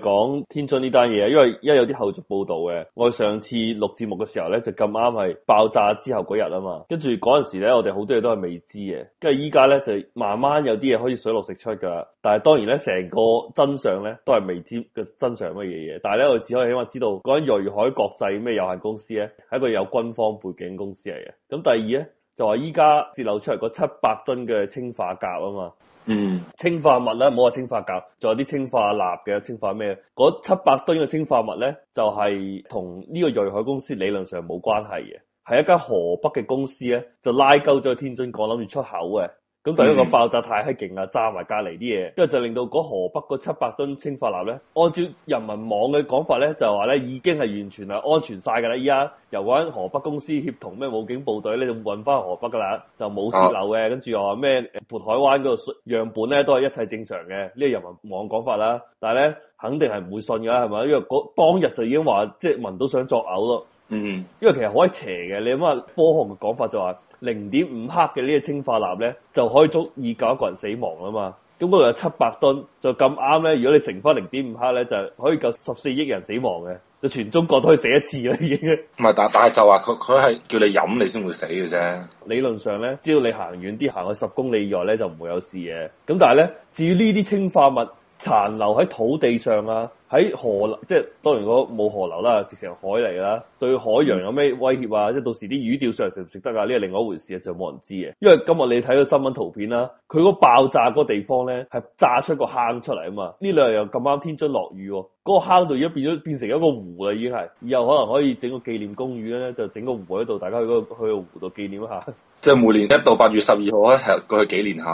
講天津呢單嘢，因為因為有啲後續報道嘅，我上次錄節目嘅時候咧，就咁啱係爆炸之後嗰日啊嘛，跟住嗰陣時咧，我哋好多嘢都係未知嘅，跟住依家咧就慢慢有啲嘢可以水落石出噶，但係當然咧，成個真相咧都係未知嘅真相乜嘢嘢，但係咧我哋只可以起碼知道嗰間瑞海國際咩有限公司咧係一個有軍方背景公司嚟嘅，咁第二咧就話依家泄漏出嚟嗰七百噸嘅氰化鉀啊嘛。嗯，氰化物咧，唔好話氰化鉀，仲有啲氰化鈉嘅，氰化咩？嗰七百噸嘅氰化物咧，就係同呢個瑞海公司理論上冇關係嘅，係一間河北嘅公司咧，就拉鳩咗去天津港諗住出口嘅。咁第一個爆炸太閪勁啦，炸埋隔籬啲嘢，跟住就令到嗰河北嗰七百噸氰化鈉咧，按照人民網嘅講法咧，就話咧已經係完全係安全晒噶啦。依家由嗰間河北公司協同咩武警部隊咧，就運翻河北噶啦，就冇泄漏嘅。啊、跟住又話咩渤海灣嗰度樣本咧都係一切正常嘅，呢個人民網講法啦。但係咧肯定係唔會信噶，係咪？因為嗰當日就已經話即係聞到想作嘔咯。嗯，嗯，因為其實好邪嘅，你諗下科學嘅講法就話。零點五克嘅呢個氰化鈉咧，就可以足以夠一個人死亡啊嘛。咁嗰度有七百噸，就咁啱咧。如果你乘翻零點五克咧，就可以夠十四億人死亡嘅，就全中國都可以死一次啦已經。唔 係，但但係就話佢佢係叫你飲你先會死嘅啫。理論上咧，只要你行遠啲，行去十公里以外咧，就唔會有事嘅。咁但係咧，至於呢啲氰化物殘留喺土地上啊，喺河流即係當然嗰冇河流啦，直成海嚟啦。對海洋有咩威脅啊？嗯、即係到時啲魚釣上嚟食唔食得啊？呢係另外一回事啊，就冇人知嘅。因為今日你睇個新聞圖片啦、啊，佢嗰爆炸嗰地方咧係炸出個坑出嚟啊嘛。呢兩日又咁啱天津落雨喎、啊，嗰、那個坑度而家變咗變成一個湖啦，已經係以後可能可以整個紀念公園咧，就整個湖喺度，大家去個去個湖度紀念一下。即係每年一到八月十二號咧，係過去幾年下。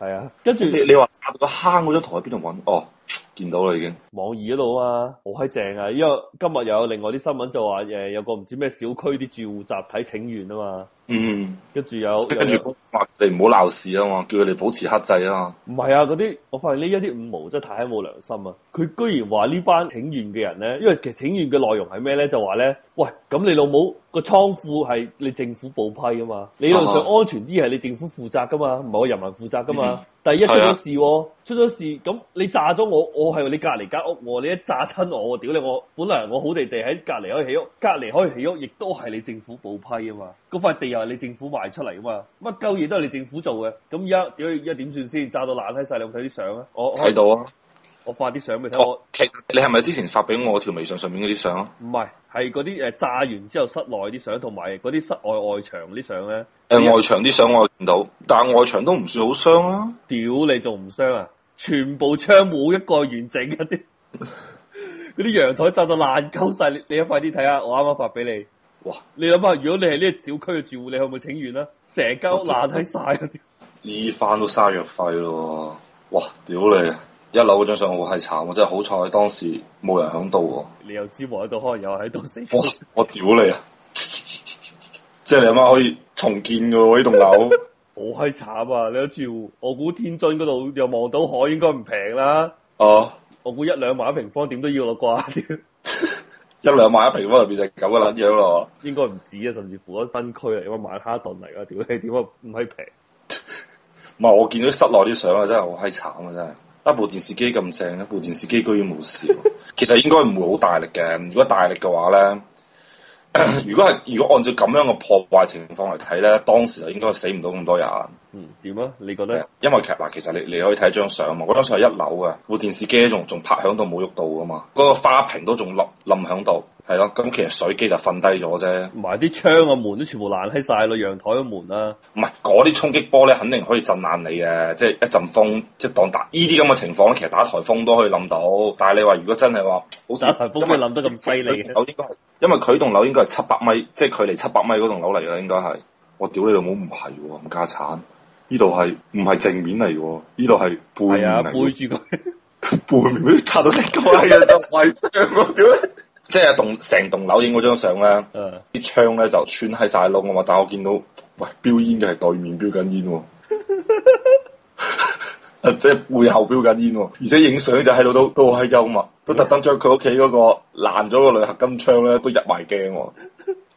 係啊，跟住你你話打到個坑嗰張圖喺邊度揾？哦。見到啦，已經網易嗰度啊好閪正啊！因為今日又有另外啲新聞就話，誒，有個唔知咩小區啲住戶集體請願啊嘛，嗯，跟住有，跟住話你唔好鬧事啊嘛，叫佢哋保持克制啊嘛。唔係啊，嗰啲我發現呢一啲五毛真係太閪冇良心啊！佢居然話呢班請願嘅人咧，因為其實請願嘅內容係咩咧，就話咧，喂，咁你老母，個倉庫係你政府報批啊嘛，理論上安全啲係你政府負責噶嘛，唔係我人民負責噶嘛。嗯第一出咗事，哦、 事，出咗事咁你炸咗我，我係你隔籬間屋，我你一炸親我，我屌你，我本嚟我好地地喺隔籬可以起屋，隔籬可以起屋，亦都係你政府報批啊嘛，嗰塊地又係你政府賣出嚟啊嘛，乜鳩嘢都係你政府做嘅，咁而家屌而家點算先？炸到爛閪晒，你有冇睇啲相啊？我睇到啊。我發啲相俾睇我、哦，其實你係咪之前發俾我條微信上面嗰啲相啊？唔係，係嗰啲誒炸完之後室內啲相，同埋嗰啲室外外牆啲相咧。誒、呃，些外牆啲相我見到，但係外牆都唔算好傷啊。屌你仲唔傷啊？全部窗冇一個完整嘅，啲嗰啲陽台炸到爛鳩晒。你你快啲睇下，我啱啱發俾你。哇！你諗下，如果你係呢個小區嘅住戶，你可唔可以請願啦、啊？成間屋爛喺晒，呢番都嘥藥費咯。哇！屌你一樓嗰張相好係慘啊！真係好彩當時冇人喺度喎。你又知冇喺度，可能又喺度死、喔。我屌你啊！ 即係你阿媽可以重建噶呢棟樓。好閪慘啊！你睇住，我估天津嗰度又望到海應該，應該唔平啦。哦，我估一兩萬一平方點都要咯，啩？ 一兩萬一平方面就變成九個捻樣咯。應該唔止啊，甚至乎咗新區啊，有間曼哈頓嚟啊，屌你點解唔閪平？唔係我見到室內啲相啊，真係好閪慘啊，真係。一，啊，一部電視機咁正，一部電視機居然冇事，其實應該唔會好大力嘅。如果大力嘅話咧，如果係如果按照咁樣嘅破壞情況嚟睇咧，當時就應該死唔到咁多人。嗯，點啊？你覺得？因為其實嗱，其實你你可以睇張相啊，嗰張相係一樓嘅，部電視機仲仲拍響度冇喐到噶嘛，嗰、那個花瓶都仲冧冧響度，係咯，咁其實水機就瞓低咗啫，埋啲窗啊門都全部爛閪晒咯，陽台嘅門啦、啊，唔係嗰啲衝擊波咧，肯定可以震爛你嘅，即係一陣風，即係當打呢啲咁嘅情況咧，其實打台風都可以冧到，但係你話如果真係話，好似打台颱風可以冧得咁犀利嘅，因為佢棟樓應該係七百米，即係距離七百米嗰棟樓嚟嘅，應該係，我屌你老母唔係喎，冚家鏟。呢度係唔係正面嚟嘅？呢度係背嚟嘅，哎。背住佢，背面嗰啲擦到成塊嘅就壞相咯。點咧？ 即係棟成棟樓影嗰張相咧，啲窗，咧就穿喺晒窿啊嘛。但我見到喂，飆煙就係對面飆緊煙，即係 背後飆緊煙。而且影相就喺度都都好閪幽默，都特登將佢屋企嗰個爛咗個鋁合金窗咧都入埋鏡。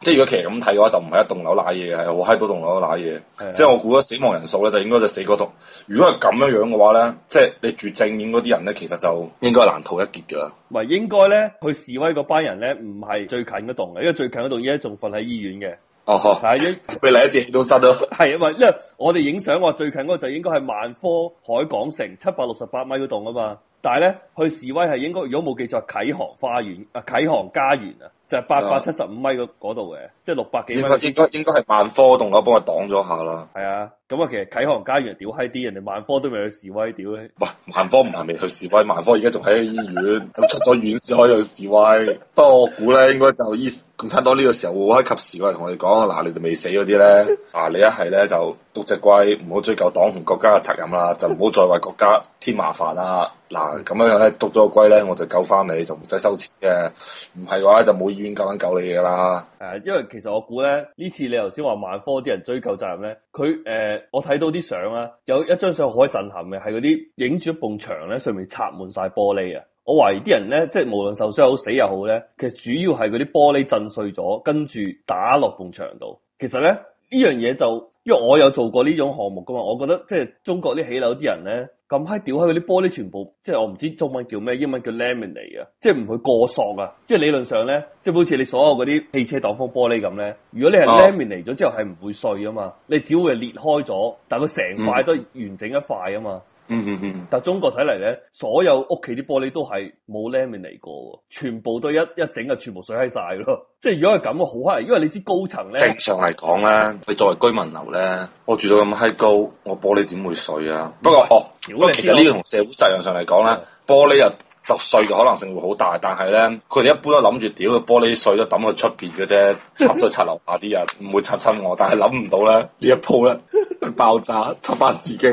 即係如果其實咁睇嘅話，就唔係一棟樓瀨嘢嘅，係好閪多棟樓瀨嘢。即係的我估咗死亡人數咧，就應該就死嗰棟。如果係咁樣樣嘅話咧，即係你住正面嗰啲人咧，其實就應該難逃一劫噶啦。唔係應該咧，去示威嗰班人咧，唔係最近嗰棟嘅，因為最近嗰棟依家仲瞓喺醫院嘅。哦，好是，係 一俾嚟一截都失咗。係因為因為我哋影相話最近嗰個就應該係萬科海港城七百六十八米嗰棟啊嘛。但係咧，去示威係應該如果冇記錯，啟航花園啊，啟航家園啊。就係八百七十五米嗰嗰度嘅，即係六百幾米。應該應該應該係萬科棟樓幫我擋咗下啦。係啊。咁啊，其實啟航嘉園屌閪啲，人哋萬科都未去示威屌。唔係萬科唔係未去示威，萬科而家仲喺醫院，咁 出咗院先可以去示威。不過我估咧，應該就依共產黨呢個時候會可以及時過嚟同我哋講，嗱、啊，你哋未死嗰啲咧，嗱、啊，你一係咧就篤隻龜，唔好追究黨同國家嘅責任啦，就唔好再為國家添麻煩啦。嗱、啊，咁樣樣咧篤咗個龜咧，我就救翻你，就唔使收錢嘅。唔係嘅話就冇醫院救緊救你㗎啦。誒，因為其實我估咧呢次你頭先話萬科啲人追究責，責任咧，佢誒。呃呃我睇到啲相啊，有一張相好震撼嘅，係嗰啲影住一埲牆咧，上面插滿晒玻璃啊！我懷疑啲人咧，即係無論受傷好死又好咧，其實主要係嗰啲玻璃震碎咗，跟住打落埲牆度。其實咧呢樣嘢就，因為我有做過呢種項目噶嘛，我覺得即係中國啲起樓啲人咧。咁閪屌，開嗰啲玻璃全部即係我唔知中文叫咩，英文叫 laminate 啊，即係唔會過塑啊，即係理論上咧，即係好似你所有嗰啲汽車擋風玻璃咁咧，如果你係 laminate 咗之後，係唔會碎啊嘛，你只會係裂開咗，但佢成塊都完整一塊啊嘛。嗯嗯嗯，但中國睇嚟咧，所有屋企啲玻璃都係冇 lamin 嚟過，全部都一一整就全部碎喺晒咯。即係如果係咁嘅好閪，因為你知高層咧，正常嚟講咧，你作為居民樓咧，我住到咁閪高，我玻璃點會碎啊？不過哦，不過其實呢個同社會質量上嚟講咧，的玻璃就碎嘅可能性會好大。但係咧，佢哋一般都諗住屌，個玻璃碎咗抌去出邊嘅啫，插咗插樓下啲人，唔 會插親我。但係諗唔到咧呢一鋪咧爆炸，插翻自己。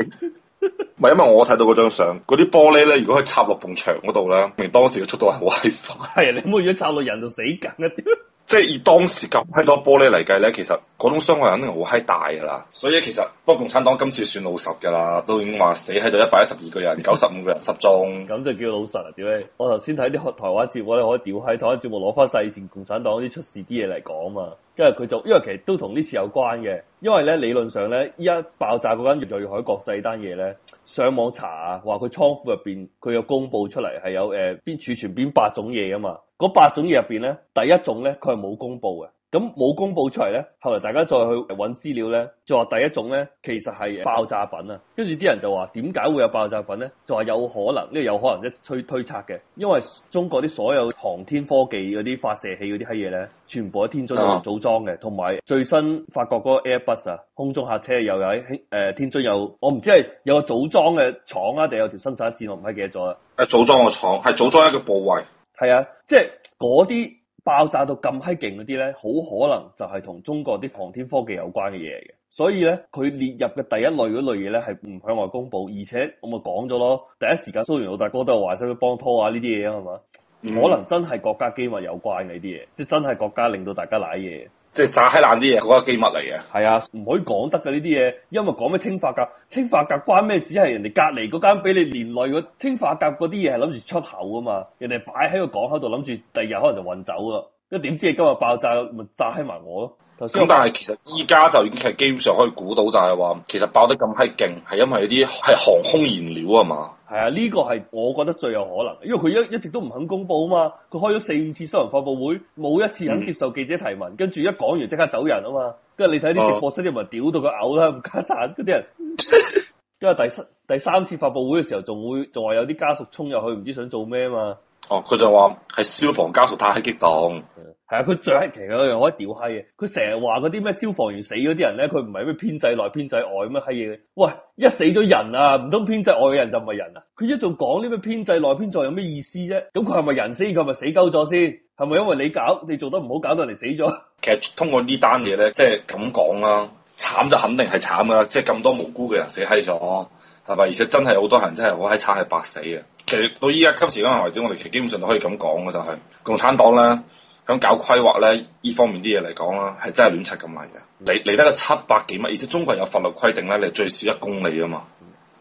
唔係， 因為我睇到嗰張相，嗰啲玻璃咧，如果可以插落埲牆嗰度咧，明當時嘅速度係好閪快，係啊，你唔好而家插落人就死梗啊！即係以當時咁閪多玻璃嚟計咧，其實嗰種傷害肯定好閪大噶啦。所以其實，不過共產黨今次算老實噶啦，都已經話死喺度一百一十二個人，九十五個人失蹤。咁 就叫老實啊？屌咧？我頭先睇啲學台灣節目咧，我可以調喺台灣節目攞翻曬以前共產黨啲出事啲嘢嚟講嘛。因為佢就因為其實都同呢次有關嘅，因為咧理論上咧依家爆炸嗰間瑞海國際單嘢咧，上網查啊，話佢倉庫入邊佢有公佈出嚟係有誒邊儲存邊八種嘢啊嘛。嗰八種嘢入邊咧，第一種咧佢係冇公布嘅，咁冇公布出嚟咧，後來大家再去搵資料咧，就話第一種咧其實係爆炸品啊，跟住啲人就話點解會有爆炸品咧？就話、是、有可能呢，有可能一推推測嘅，因為中國啲所有航天科技嗰啲發射器嗰啲係嘢咧，全部喺天津有組裝嘅，同埋嗎最新法國嗰個 Airbus 啊，空中客車又有喺誒天津有，我唔知係有個組裝嘅廠啊，定有條生產線我唔係記得咗啦。誒，組裝嘅廠係組裝一個部位。係啊，即係嗰啲爆炸到咁閪勁嗰啲咧，好可能就係同中國啲航天科技有關嘅嘢嘅，所以咧佢列入嘅第一類嗰類嘢咧係唔向外公布，而且我咪講咗咯，第一時間蘇聯老大哥都話使唔使幫拖啊呢啲嘢啊嘛，嗯、可能真係國家機密有關嘅啲嘢，即係真係國家令到大家瀨嘢。即係炸起爛啲嘢，嗰個機密嚟嘅。係啊，唔可以講得噶呢啲嘢，因為講咩氰化鉀，氰化鉀關咩事？係人哋隔籬嗰間俾你連累個氰化鉀嗰啲嘢，係諗住出口啊嘛，人哋擺喺個港口度諗住，第二日可能就運走啦。咁點知今日爆炸，咪炸起埋我咯。咁但係其實依家就已經係基本上可以估到，就係話其實爆得咁閪勁，係因為嗰啲係航空燃料啊嘛。係啊，呢、呢個係我覺得最有可能，因為佢一一直都唔肯公布啊嘛。佢開咗四五次新聞發佈會，冇一次肯接受記者提問，跟住、嗯、一講完即刻走人啊嘛。跟住你睇呢啲直播室啲人屌到佢嘔啦，唔加閘啲人。跟 住第三第三次發佈會嘅時候，仲會仲話有啲家屬衝入去，唔知想做咩嘛。哦，佢就話係消防家屬太激動，係啊，佢、 嗯、最乞其嘅一樣可以屌閪嘅，佢成日話嗰啲咩消防員死嗰啲人咧，佢唔係咩編制內編制外咩閪嘢？喂，一死咗人啊，唔通編制外嘅人就唔係人啊？佢一仲講呢咩編制內編制有咩意思啫？咁佢係咪人先？佢咪死鳩咗先？係咪因為你搞，你做得唔好，搞到人死咗？其實通過呢單嘢咧，即係咁講啊，慘就肯定係慘噶啦，即係咁多無辜嘅人死閪咗。係咪？而且真係好多人真係我喺慘，係白死嘅。其實到依家級時嗰陣為止，我哋其實基本上都可以咁講嘅，就係、是、共產黨咧，咁搞規劃咧，呢方面啲嘢嚟講啦，係真係亂七咁嚟嘅。離離得個七百幾米，而且中國有法律規定咧，你最少一公里啊嘛。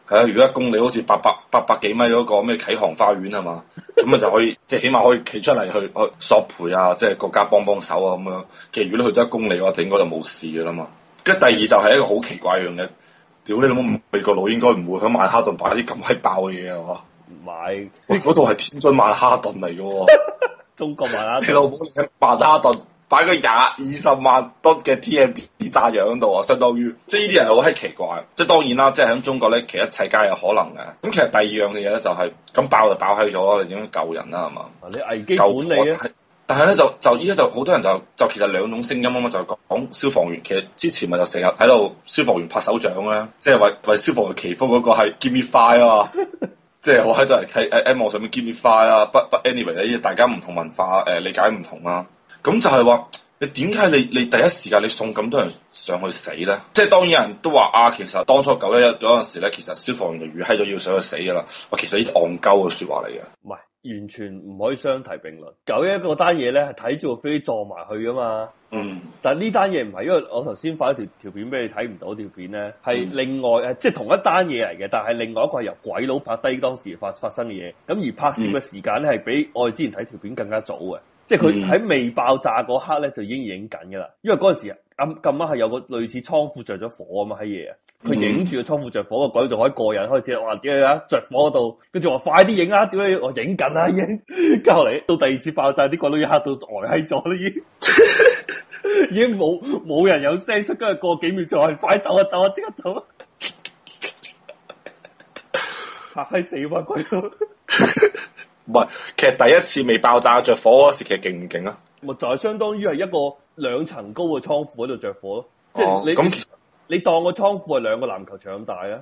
係啊，如果一公里好似八百八百幾米嗰個咩啟航花園係嘛，咁啊就可以 即係起碼可以企出嚟去去索賠啊，即係國家幫幫手啊咁樣。其實如果你去得一公里，我哋應該就冇事嘅啦嘛。跟第二就係一個好奇怪樣嘅。少你老母，美國佬應該唔會喺曼哈頓擺啲咁閪爆嘅嘢係嘛？唔買是，我嗰度係天津曼哈頓嚟嘅喎。 中國曼哈， 你老母喺曼哈頓擺個廿二十萬噸嘅 TNT 炸藥喺度啊！相當於即係呢啲人好閪奇怪。即係當然啦，即係喺中國咧，其實一切皆有可能嘅。咁其實第二樣嘅嘢咧就係、是、咁爆就爆喺咗，你點樣救人啦？係嘛？你危機管理啊！但係咧就就依家就好多人就就其實兩種聲音啊嘛，就講消防員其實之前咪就成日喺度消防員拍手掌啦，即係為為消防員祈福嗰個係 give me five 啊嘛，即係我喺度喺網上面 give me five 啦，but but anyway 大家唔同文化誒、呃、理解唔同啦，咁就係話你點解你你第一時間你送咁多人上去死咧？即係當然有人都話啊，其實當初九一一嗰陣時咧，其實消防員就預計咗要上去死噶啦，我其實呢啲戇鳩嘅説話嚟嘅，唔完全唔可以相提並論。有一個單嘢咧，係睇住個飛機撞埋去噶嘛。嗯。但呢單嘢唔係，因為我頭先發一條條片俾你睇，唔到條片咧，係另外誒，嗯、即係同一單嘢嚟嘅，但係另外一個係由鬼佬拍低當時發發生嘅嘢。咁而拍攝嘅時間咧，係比我哋之前睇條片更加早嘅。即係佢喺未爆炸嗰刻咧，就已經影緊嘅啦。因為嗰陣時暗，今晚係有個類似倉庫着咗火啊嘛，喺嘢啊！佢影住個倉庫着火個鬼，仲喺個人開始，哇！點解着火度？跟住話快啲影啊！點解我影緊啊？已經！跟住後嚟到第二次爆炸，啲鬼佬已經嚇到呆喺咗啦，已經，已經冇冇人有聲出，跟住過幾秒再，快走啊走啊，即刻走啊！嚇閪死我鬼佬！唔係，其實第一次未爆炸着火嗰時，其實勁唔勁啊？咪就係相當於係一個兩層高嘅倉庫喺度着火咯。即係你，你當個倉庫係兩個籃球場咁大啊？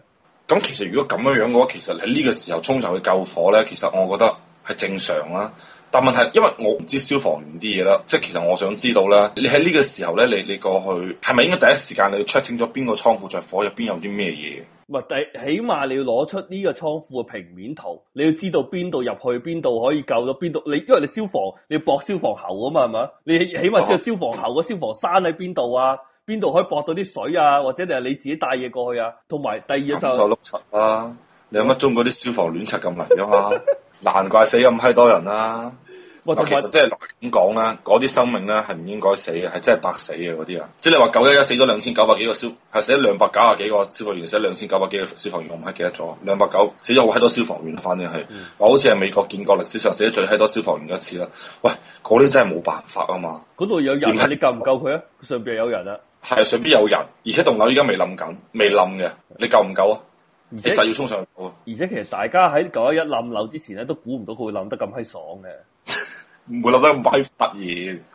咁其實如果咁樣樣嘅話，其實喺呢個時候衝上去救火咧，其實我覺得係正常啦、啊。但問題係，因為我唔知消防員啲嘢啦，即係其實我想知道啦，你喺呢個時候咧，你你過去係咪應該第一時間你要 check 清楚邊個倉庫着火，入邊有啲咩嘢？唔係，第起碼你要攞出呢個倉庫嘅平面圖，你要知道邊度入去，邊度可以救到邊度。你因為你消防，你要駁消防喉啊嘛，係咪？你起碼知道消防喉個消防栓喺邊度啊？邊度可以駁到啲水啊？或者你係你自己帶嘢過去啊？同埋第二日、嗯、就碌柒啦！你有乜中國啲消防亂柒咁嚟啊嘛？ 難怪死咁閪多人啦，啊！嗱哇，其實即係咁講啦，嗰啲生命咧係唔應該死嘅，係真係白死嘅嗰啲啊！即係你話九一一死咗兩千九百幾個消，係死咗兩百九啊？幾個消防員，死咗兩千九百幾個消防員，我唔係記得咗，兩百九死咗好閪多消防員啊！反正係，好似係美國建國歷史上死咗最閪多消防員一次啦。喂，嗰啲真係冇辦法啊嘛！嗰度有人，你救唔救佢啊？上邊有人啊！係上邊有人，而且棟樓依家未冧緊，未冧嘅，你救唔救啊？其實要衝上去，而且其實大家喺九一一冧樓之前都估唔到佢會冧得咁閪爽嘅，唔 會冧得咁閪突然，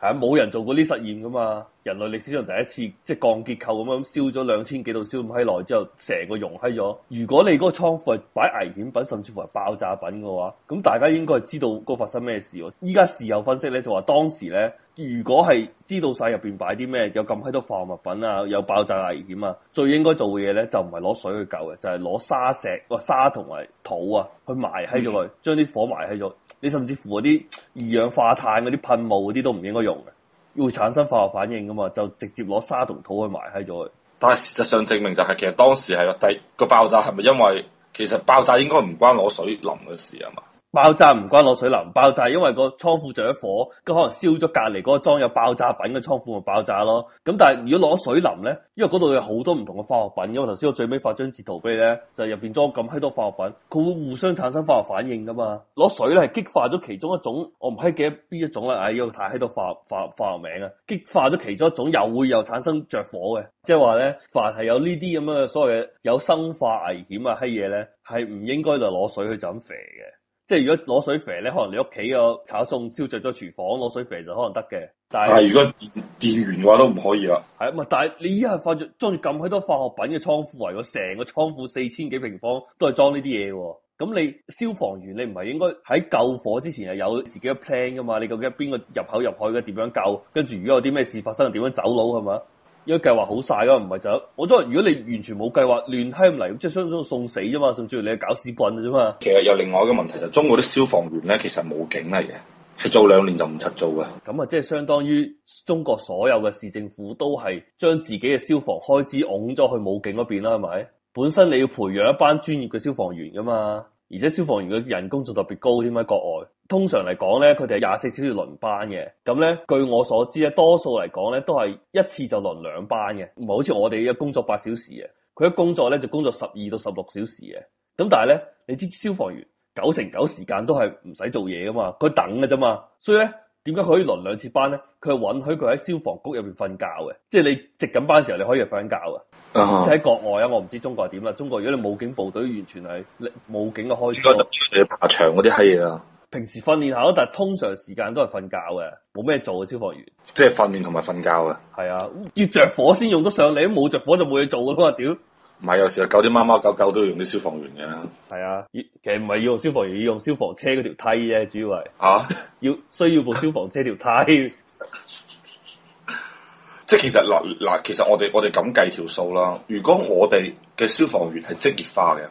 係啊，冇人做過呢實驗㗎嘛。人類歷史上第一次即係鋼結構咁樣燒咗兩千幾度燒唔起耐之後，成個溶喺咗。如果你嗰個倉庫係擺危險品，甚至乎係爆炸品嘅話，咁大家應該係知道嗰發生咩事喎？依家事後分析咧，就話當時咧，如果係知道晒入邊擺啲咩，有咁喺多化學物品啊，有爆炸危險啊，最應該做嘅嘢咧，就唔係攞水去救嘅，就係攞沙石、哇沙同埋土啊，去埋喺咗佢，將啲火埋喺咗。你、嗯、甚至乎嗰啲二氧化碳嗰啲噴霧嗰啲都唔應該用嘅。會產生化學反應噶嘛？就直接攞沙同土去埋喺咗佢。但係事實上證明就係、是，其實當時係第個爆炸係咪因為其實爆炸應該唔關攞水淋嘅事啊嘛？爆炸唔關攞水淋，爆炸因為個倉庫着咗火，咁可能燒咗隔籬嗰個裝有爆炸品嘅倉庫咪爆炸咯。咁但係如果攞水淋咧，因為嗰度有好多唔同嘅化學品，因為頭先我最尾發張截圖俾你咧，就係入邊裝咁閪多化學品，佢會互相產生化學反應噶嘛。攞水咧係激化咗其中一種，我唔閪記得邊一種啦，唉要睇喺度化化化學名啊，激化咗其中一種又會又產生着火嘅，即係話咧凡係有呢啲咁嘅所謂嘅有生化危險啊閪嘢咧，係唔應該就攞水去就咁肥嘅。即係如果攞水肥咧，可能你屋企個炒餸，燒着咗廚房攞水肥就可能得嘅，但係如果電電源嘅話都唔可以啦。係咪？但係你依家化著裝住咁閪多化學品嘅倉庫嚟，為咗成個倉庫四千幾平方都係裝呢啲嘢喎。咁你消防員你唔係應該喺救火之前係有自己嘅 plan 噶嘛？你究竟邊個入口入去嘅？點樣救？跟住如果有啲咩事發生，點樣走佬係嘛？因為計劃好晒噶，唔係就我即係如果你完全冇計劃亂閪咁嚟，即係相當於送死啫嘛，甚至乎你係搞屎棍嘅啫嘛。其實有另外一個問題，就中國啲消防員咧，其實武警嚟嘅，係做兩年就唔出做噶。咁啊，即係相當於中國所有嘅市政府都係將自己嘅消防開支㧬咗去武警嗰邊啦，係咪？本身你要培養一班專，專業嘅消防員噶嘛，而且消防員嘅人工就特別高添喺國外。通常嚟講咧，佢哋係廿四小時輪班嘅。咁咧，據我所知咧，多數嚟講咧，都係一次就輪兩班嘅，唔係好似我哋要工作八小時嘅。佢一工作咧就工作十二到十六小時嘅。咁但係咧，你知消防員九成九時間都係唔使做嘢噶嘛，佢等嘅啫嘛。所以咧，點解佢可以輪兩次班咧？佢係允許佢喺消防局入邊瞓覺嘅，即係你值緊班嘅時候你可以瞓緊覺啊哈。即喺國外啊，我唔知中國係點啦。中國如果你武警部隊完全係武警嘅開槍，應該特別爬牆嗰啲閪嘢啊。平時訓練下咯，但係通常時間都係瞓覺嘅，冇咩做嘅消防員，即係訓練同埋瞓覺嘅。係啊，要着火先用得上，你都冇着火就冇嘢做嘅。我話屌，唔係有時候救啲貓貓狗狗都要用啲消防員嘅，啊。係啊，其實唔係要用消防員，要用消防車嗰條梯咧，主要係啊，要需要部消防車條梯。 即係其實嗱嗱，其實我哋我哋咁計條數啦。如果我哋嘅消防員係職業化嘅。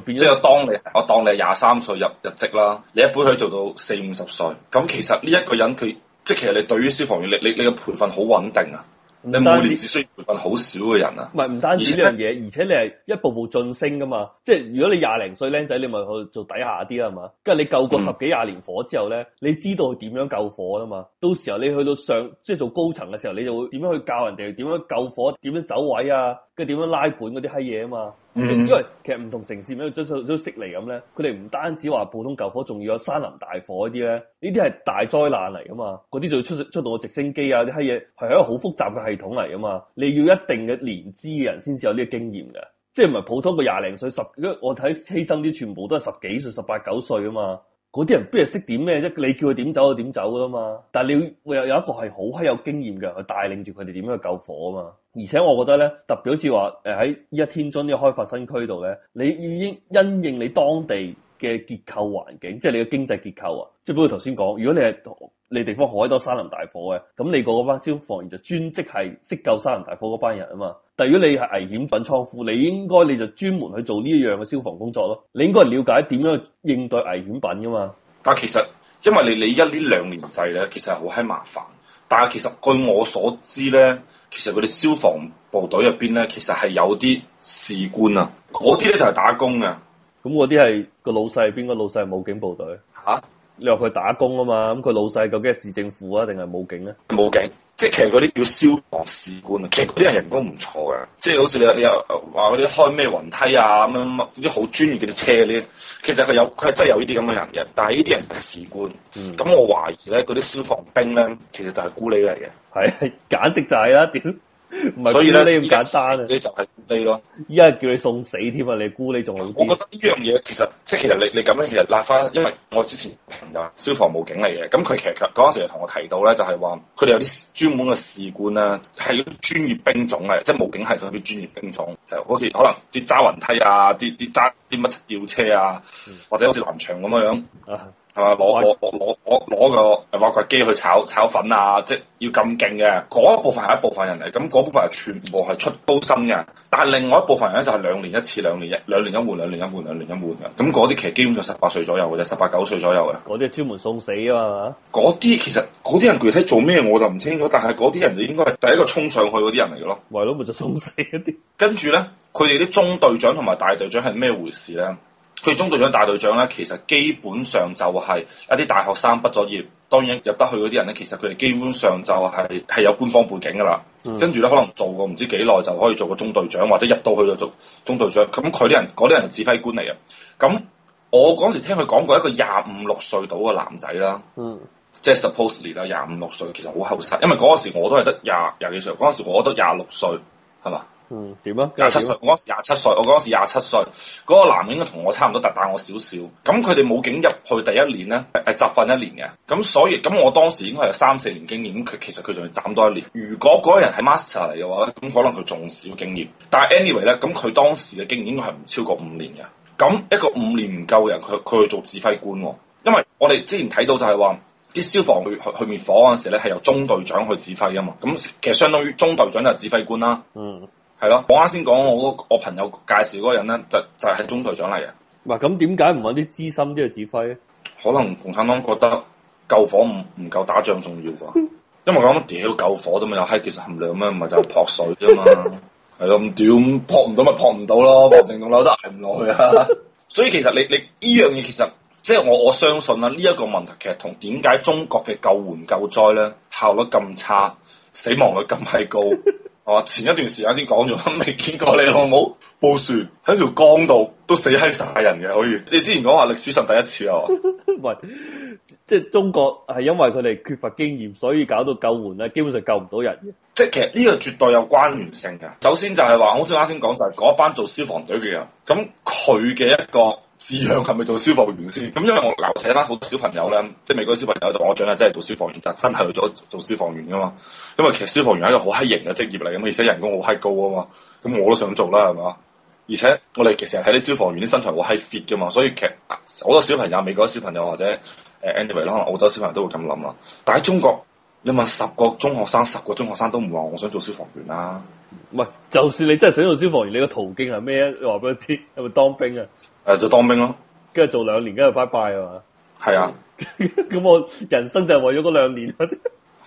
即係當你我當你係廿三歲入入職啦，你一般可以做到四五十歲。咁其實呢一個人佢即係其實你對於消防員，你你你嘅培訓好穩定啊。但你每年只需要培訓好少嘅人啊。唔係唔單止呢樣嘢，而且，而且你係一步步晉升噶嘛。即係如果你廿零歲僆仔，你咪去做底下啲啊係嘛。跟住你救過十幾廿年火之後咧，你知道點樣救火啦嘛。到時候你去到上即係做高層嘅時候，你就會點樣去教人哋點樣救火，點樣走位啊。跟住點樣拉管嗰啲閪嘢啊嘛？因為其實唔同城市咪都都都識嚟咁咧。佢哋唔單止話普通救火，仲要有山林大火嗰啲咧。呢啲係大災難嚟噶嘛？嗰啲就出出到個直升機啊啲閪嘢，係一個好複雜嘅系統嚟噶嘛。你要一定嘅年資嘅人先至有呢個經驗嘅，即係唔係普通嘅廿零歲十？我睇犧牲啲全部都係十幾歲、十八九歲啊嘛。嗰啲人不如識點咩啫？你叫佢點走就點走噶啦嘛。但係你會有一個係好閪有經驗嘅人，去帶領住佢哋點樣去救火啊嘛。而且我覺得咧，特別好似話誒喺依家天津呢個開發新區度咧，你要應因應你當地嘅結構環境，即係你嘅經濟結構啊。即係不過頭先講，如果你係。你地方，好多山林大火嘅，咁你嗰班消防員就專職係識救山林大火嗰班人啊嘛。但如果你係危險品倉庫，你應該你就專門去做呢樣嘅消防工作咯。你應該了解點樣應對危險品噶嘛。但其實，因為你你一年兩年制咧，其實係好閪麻煩。但係其實據我所知咧，其實佢哋消防部隊入邊咧，其實係有啲士官啊，嗰啲咧就係打工嘅。咁嗰啲係個老細邊個老細？係武警部隊吓？啊你話佢打工啊嘛？咁佢老細究竟係市政府啊，定係武警咧？武警，即係其實嗰啲叫消防士官啊，其實嗰啲人人工唔錯嘅。即係好似你你話嗰啲開咩雲梯啊，咁樣嗰啲好專業嘅啲車咧，其實佢有佢係真係有呢啲咁嘅人嘅。但係呢啲人唔係士官，咁、嗯、我懷疑咧嗰啲消防兵咧，其實就係孤儡嚟嘅。係， 簡直就係啦、啊，屌！唔係，所以咧呢咁簡單啊？你就係你咯，而家叫你送死添啊！你估你仲？我覺得呢樣嘢其實即係其實你你咁樣其實立翻，因為我之前朋友消防武警嚟嘅，咁佢其實佢嗰時就同我提到咧，就係話佢哋有啲專門嘅士官啊，係啲專業兵種嚟，即係武警係佢啲專業兵種，就好似可能啲揸雲梯啊，啲啲揸啲乜吊車啊，嗯、或者好似纜長咁樣樣啊。係嘛？攞攞攞攞攞個挖掘機去炒炒粉啊！即係要咁勁嘅嗰一部分係一部分人嚟，咁嗰部分係全部係出高薪嘅。但係另外一部分人咧就係兩年一次、兩年一、兩年一換、兩年一換、兩年一換嘅。咁嗰啲其實基本上十八歲左右嘅，十八九歲左右嘅。嗰啲專門送死啊嘛！嗰啲其實嗰啲人具體做咩我就唔清楚，但係嗰啲人就應該係第一個衝上去嗰啲人嚟嘅咯。為咗咪就送死嗰啲？跟住咧，佢哋啲中隊長同埋大隊長係咩回事咧？佢中隊長、大隊長咧，其實基本上就係一啲大學生畢咗業，當然入得去嗰啲人咧，其實佢哋基本上就係、係、係有官方背景噶啦。跟住咧，可能做過唔知幾耐，就可以做個中隊長，或者入到去就做中隊長。咁佢啲人，嗰啲人係指揮官嚟嘅。咁我嗰時聽佢講過一個廿五六歲到嘅男仔啦，即係 supposedly 啦，廿五六歲其實好後生，因為嗰個時我都係得廿廿幾歲，嗰、那、陣、個、時我都廿六歲，係嘛？嗯，點啊？廿七歲，我嗰時廿七歲，我嗰時廿七歲，嗰個男應該同我差唔多，大大我少少。咁佢哋武警入去第一年咧，係集訓一年嘅。咁所以，咁我當時應該係有三四年經驗。佢其實佢仲要斬多一年。如果嗰人係 master 嚟嘅話，咁可能佢仲少經驗。但係 anyway 咧，咁佢當時嘅經驗應該係唔超過五年嘅。咁一個五年唔夠嘅人，佢佢去做指揮官、哦。因為我哋之前睇到就係話，啲消防去去滅火嗰陣時咧，係由中隊長去指揮啊嘛。咁其實相當於中隊長就係指揮官啦、啊。嗯。係咯，我啱先講我我朋友介紹嗰個人咧，就係、就係、是、中隊長嚟嘅。嗱，咁點解唔揾啲資深啲嘅指揮咧？可能共產黨覺得救火唔唔夠打仗重要啩？ 因為咁屌救火都未有閪技術含量咩？唔係就撲水啫嘛？係咯， 咁屌撲唔到咪撲唔到咯，破定棟樓都捱唔落去啊！ 所以其實你你呢樣嘢其實即係我我相信啦，呢一個問題其實同點解中國嘅救援救災咧效率咁差，死亡率咁閪高？ 我前一段時間先講咗，未見過你，我冇部船喺條江度都死喺晒人嘅，可以。你之前講話歷史上第一次啊，唔係 即係中國係因為佢哋缺乏經驗，所以搞到救援咧，基本上救唔到人嘅。即係其實呢個絕對有關聯性嘅。首先就係話，好似啱先講就係嗰班做消防隊嘅人，咁佢嘅一個。志向係咪做消防員先？咁因為我牛請翻好多小朋友咧，即係美國小朋友就同我講咧，真係做消防員，真係去咗做消防員噶嘛？因為其實消防員係一個好閪型嘅職業嚟，咁而且人工好閪高啊嘛。咁我都想做啦，係嘛？而且我哋其實睇啲消防員啲身材好閪 fit 噶嘛，所以其實好多小朋友、美國小朋友或者誒 anyway 可能澳洲小朋友都會咁諗啊。但喺中國。你問十個中學生，十個中學生都唔話我想做消防員啦。唔係，就算你真係想做消防員，你個途徑係咩啊？你話俾我知，係咪當兵啊？誒、呃，就當兵咯。跟住做兩年，跟住拜拜呀嘛？係啊。咁 我人生就為咗嗰兩年。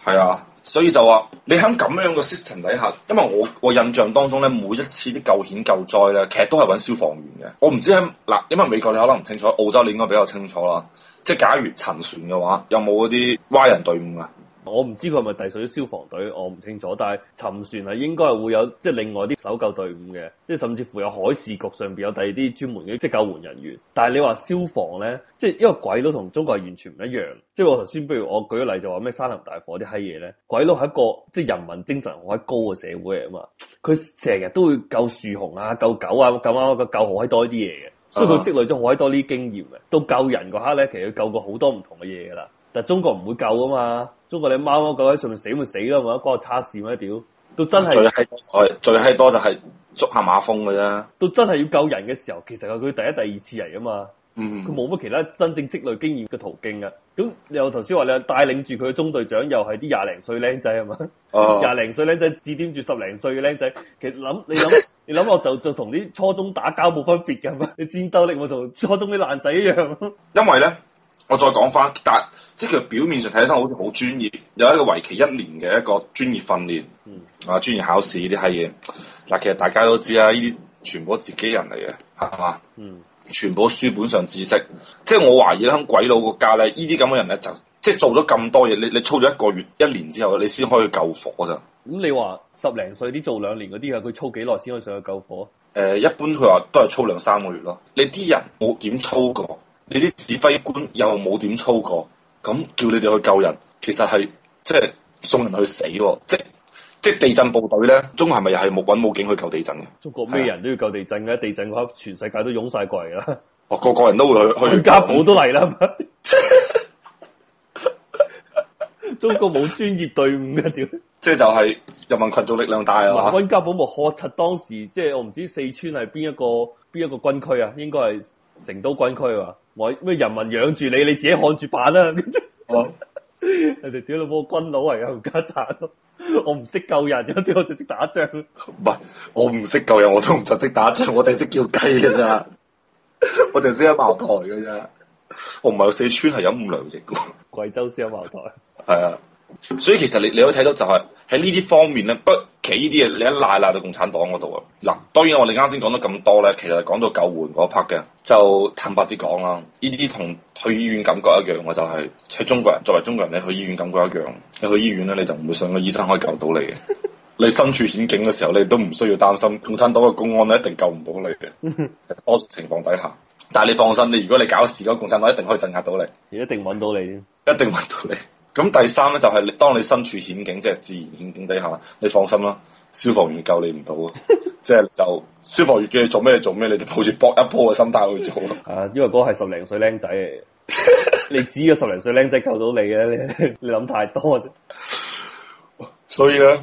係啊。所以就話，你喺咁樣個 system 底下，因為我我印象當中咧，每一次啲救險救災咧，其實都係揾消防員嘅。我唔知喺嗱，因為美國你可能唔清楚，澳洲你應該比較清楚啦。即係假如沉船嘅話，有冇嗰啲蛙人隊伍啊？我唔知佢係咪隸屬消防隊，我唔清楚。但係沉船係應該係會有即係另外啲搜救隊伍嘅，即係甚至乎有海事局上邊有第二啲專門嘅即係救援人員。但係你話消防咧，即係因為鬼佬同中國係完全唔一樣。即係我頭先，不如我舉個例就話咩山林大火啲閪嘢咧，鬼佬係一個即係人民精神好閪高嘅社會嚟啊嘛，佢成日都會救樹熊啊、救狗啊，咁啱個救海多啲嘢嘅，所以佢積累咗海多啲經驗嘅。到救人嗰刻咧，其實佢救過好多唔同嘅嘢噶啦。但中國唔會救啊嘛！中國你貓貓狗狗喺上面死咪死咯，嘛？一個叉事咪屌！到真係最係多就係捉下馬蜂嘅啫。到真係要救人嘅時候，其實係佢第一、第二次嚟啊嘛。佢冇乜其他真正積累經驗嘅途徑啊。咁又頭先話你帶領住佢嘅中隊長，又係啲廿零歲靚仔係嘛？廿零歲靚仔指點住十零歲嘅靚仔，其實諗你諗你諗落 就就同啲初中打交冇分別嘛。你戰鬥力我同初中啲爛仔一樣。因為咧。 我再講翻，但即佢表面上睇起身好似好專業，有一個為期一年嘅一個專業訓練，嗯、啊，專業考試呢啲係嘢。嗱，其實大家都知啦，呢啲全部自己人嚟嘅，係嘛？嗯，全部書本上知識。即係我懷疑喺鬼佬國家咧，呢啲咁嘅人咧就即係做咗咁多嘢，你你操咗一個月、一年之後，你先可以救火咋？咁、嗯、你話十零歲啲做兩年嗰啲啊，佢操幾耐先可以上去救火？誒、呃，一般佢話都係操兩三個月咯。你啲人冇點操過？你啲指揮官又冇點操過，咁叫你哋去救人，其實係即係送人去死喎！即即地震部隊咧，中國係咪又係冇揾武警去救地震嘅？中國咩人都要救地震嘅，啊、地震嗰刻全世界都湧晒過嚟啦！哦，個個人都會去，温家寶都嚟啦！ 中國冇專業隊伍嘅，屌！即就係人民群眾力量大啊！温家寶冇考察當時，即係我唔知四川係邊一個邊一個軍區啊，應該係。成都軍區話：我咩人民養住你，你自己看住辦啦。跟住，人哋屌你個軍佬嚟啊！冚家鏟咯，我唔識救人，有啲我就識打仗。唔係，我唔識救人，我都唔就識打仗，我就識叫雞嘅咋。我就識飲茅台嘅咋。我唔係四川有，係飲五糧液嘅。貴州先有茅台。係啊。所以其實你你可以睇到就係喺呢啲方面咧，不，其實呢啲嘢你一賴賴到共產黨嗰度啊嗱，當然我哋啱先講咗咁多咧，其實講到救援嗰 part 嘅，就坦白啲講啦，呢啲同去醫院感覺一樣，我就係、是、喺中國人作為中國人你去醫院感覺一樣，你去醫院咧你就唔會信個醫生可以救到你嘅，你身處險境嘅時候你都唔需要擔心共產黨嘅公安咧一定救唔到你嘅， 多情況底下，但係你放心，你如果你搞事，咁共產黨一定可以鎮壓到你，一定揾到你，一定揾到你。咁第三咧就係、是、你，當你身處險境，即係自然險境底下，你放心啦，消防員救你唔到嘅，即係 就，就消防員叫你做咩做咩，你就抱住搏一鋪嘅心態去做咯。啊，因為嗰個係十零歲靚仔，嚟， 你只要，十零歲靚仔救到你嘅，你你諗太多。所以咧，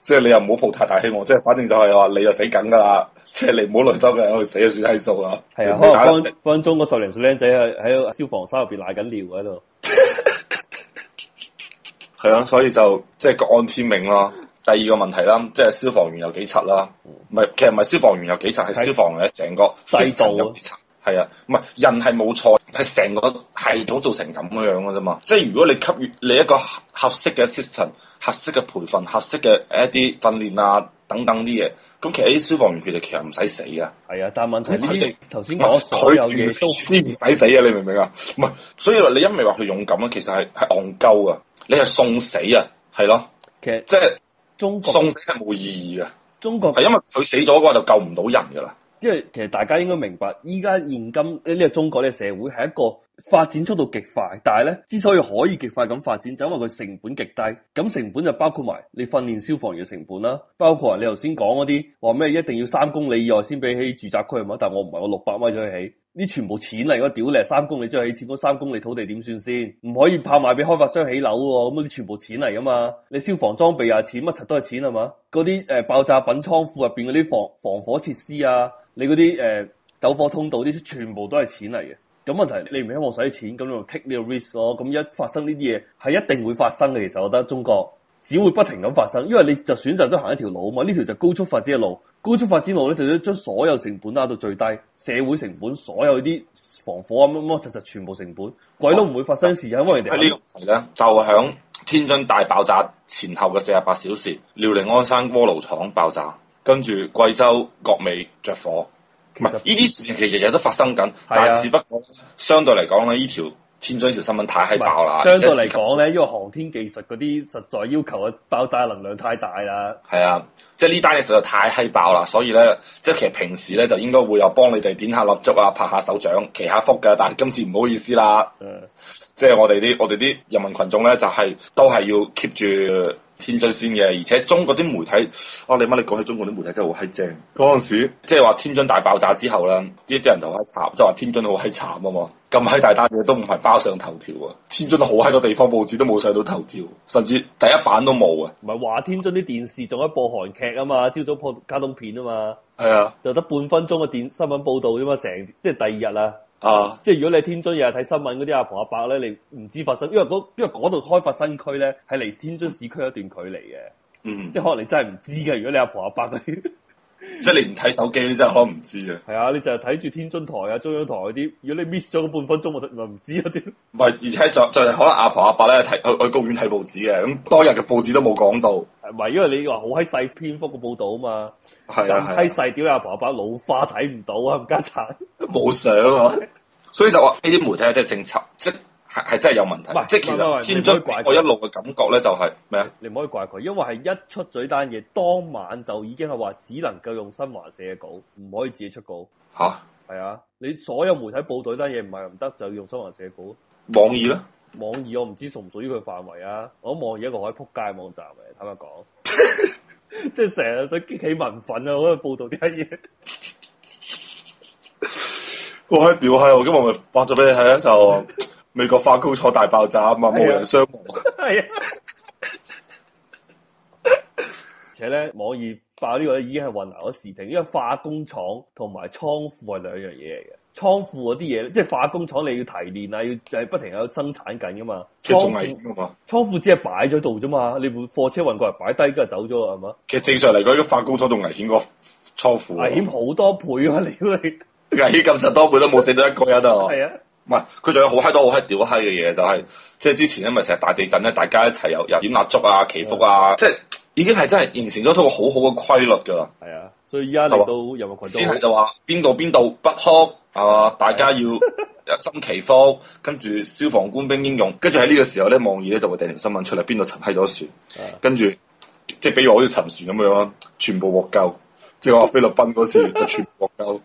即、就、係、是、你又唔好抱太大希望，即、就、係、是、反正就係話你又死梗噶啦，即、就、係、是、你唔好累多個，去死就算喺數啦。係啊，分分鐘個十零歲靚仔喺喺消防衫入邊瀨緊尿喺度。 係啊，所以就即係各安天命咯。第二個問題啦，即係消防員有幾柒啦？唔係，其實唔係消防員有幾柒，係消防員成個制度有幾柒。係啊，唔係人係冇錯，係成個系統、啊、個造成咁樣樣噶啫嘛。即係如果你給予你一個合適 system, 合適嘅 assistant、合適嘅培訓、合適嘅一啲訓練啊等等啲嘢，咁其實啲消防員其實其實唔使死噶。係啊，但係問題佢哋，頭先講所有嘢都先唔使死啊！你明唔明啊？唔係，所以話你一味係話佢勇敢啊，其實係係戇鳩啊。你係送死啊，係咯？其實即係是中國送死係冇意義嘅。中國係因為佢死咗嘅話就救唔到人噶啦。因為其實大家應該明白，依家現今呢個中國呢個社會係一個發展速度極快，但係咧，之所以可以極快咁發展，就因為佢成本極低。咁成本就包括埋你訓練消防員嘅成本啦，包括啊你頭先講嗰啲話咩一定要三公里以外先俾起住宅區，係嘛，但係我唔係，我六百米就起。呢全部錢嚟，如果屌你啊！三公里之後起錢，前嗰三公里土地點算先？唔可以拍賣俾開發商起樓喎。咁啊，啲全部錢嚟噶嘛？你消防裝備啊，錢乜柒都係錢係嘛？嗰啲誒爆炸品倉庫入邊嗰啲防防火設施啊，你嗰啲誒走火通道啲全部都係錢嚟嘅。咁問題你唔希望使錢，咁就 take 呢個 risk 咯。咁一發生呢啲嘢，係一定會發生嘅。其實我覺得中國。只會不停咁發生，因為你就選擇咗行一條路嘛，呢條就高速發展嘅路，高速發展路咧就要將所有成本拉到最低，社會成本，所有啲防火啊乜乜柒柒，全部成本，鬼都唔會發生事，哦、因為係實呢個問題啦，就響天津大爆炸前後嘅四十八小時，遼寧鞍山鍋爐廠爆炸，跟住貴州國美着火，唔係呢啲事情其實日日都發生緊，啊、但係只不過相對嚟講咧呢條。的千張條新聞太閪爆啦！相對嚟講咧，呢個航天技術嗰啲實在要求嘅爆炸能量太大啦。係啊，即係呢單嘢實在太閪爆啦，所以咧，即係其實平時咧就應該會有幫你哋點下蠟燭啊、拍下手掌、祈下福㗎，但係今次唔好意思啦。嗯的，即係我哋啲我哋啲人民群眾咧，就係、是、都係要 keep 住。天津先嘅，而且中國啲媒體，啊你媽你講起中國啲媒體真係好閪正。嗰陣時即係話天津大爆炸之後啦，呢啲人頭係慘，即係話天津好閪慘啊嘛，咁閪大單嘢都唔係包上頭條啊，天津好閪多地方報紙都冇上到頭條，甚至第一版都冇啊。唔係話天津啲電視仲有一部韓劇啊嘛，朝早播卡通片啊嘛，係啊，就得半分鐘嘅電新聞報導啫嘛，成即係第二日啦。啊！即係如果你喺天津日日睇新聞嗰啲阿婆阿伯咧，你唔知發生，因為嗰因為嗰度開發新區咧，係離天津市區一段距離嘅，嗯、即係可能你真係唔知嘅。如果你阿婆阿伯嗰啲，即係你唔睇手機你真係可能唔知啊。係 啊，你就係睇住天津台啊、中央台嗰啲，如果你 miss 咗嗰半分鐘，咪唔知啲。唔係，而且再再可能阿婆阿伯咧睇去去公園睇報紙嘅，咁當日嘅報紙都冇講到。唔係，因為你話好閪細篇幅嘅報導啊嘛，係啊係，閪細屌你阿爸爸老花睇唔到啊，冚家鏟，冇相啊，是是所以就話呢啲媒體即係政策，即係係真係有問題。唔係是，即係其實天津。我一路嘅感覺咧就係咩啊？你唔可以怪佢，因為係一出咗單嘢，當晚就已經係話只能夠用新華社嘅稿，唔可以自己出稿。吓、啊？係啊！你所有媒體報導單嘢唔係唔得，就要用新華社嘅稿。網易咧。網易我唔知屬唔屬於佢範圍啊！我諗網易一個可以撲街嘅網站嘅，坦白講， 即係成日想激起民憤啊！我哋報道啲乜嘢？我喺屌閪，我今日咪發咗俾你睇啦，就美國化工廠大爆炸啊嘛，冇人傷亡。係啊，而且咧網易爆呢個已經係混淆咗視聽，因為化工廠同埋倉庫係兩樣嘢嚟嘅。倉庫嗰啲嘢，即係化工廠，你要提煉啊，要就係不停有生產緊噶嘛。即係仲危險噶嘛。倉庫只係擺咗度啫嘛，你部貨車運過嚟擺低，跟住走咗啦，係嘛？其實正常嚟講，化工廠仲危險過倉庫。危險好多倍啊！你，你危險咁實多倍都冇死到一個人 是啊！係啊，唔係佢仲有好嗨多好嗨屌嗨嘅嘢，就係即係之前，因為成日大地震咧，大家一齊又又點蠟燭啊、祈福啊，即係的。就是已經係真係形成咗一個好好嘅規律噶啦。係啊，所以依家就都有個規律。先係就話邊度邊度不慌，呃、啊，大家要心祈福，跟住消防官兵英勇。跟住喺呢個時候咧，網易咧就會掟條新聞出嚟，邊度沉 h 咗船，跟住即係比如好似沉船咁樣，全部獲救。即係話菲律賓嗰次就全部獲救，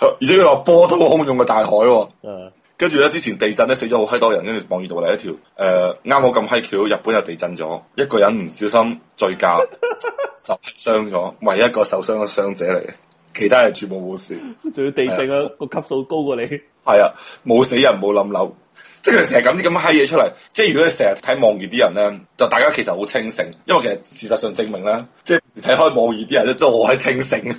而且佢話波濤洶湧嘅大海，哦。跟住咧，之前地震咧死咗好閪多人，跟住網易度嚟一條，誒、呃、啱好咁閪巧，日本又地震咗，一個人唔小心醉駕就傷咗，唯一一個受傷嘅傷者嚟嘅，其他人全部冇事，仲要地震啊，啊個級數高過你，係啊，冇死人冇冧樓，即係成日咁啲咁閪嘢出嚟，即係如果你成日睇網易啲人咧，就大家其實好清醒，因為其實事實上證明咧，即係睇開網易啲人咧都好閪清醒。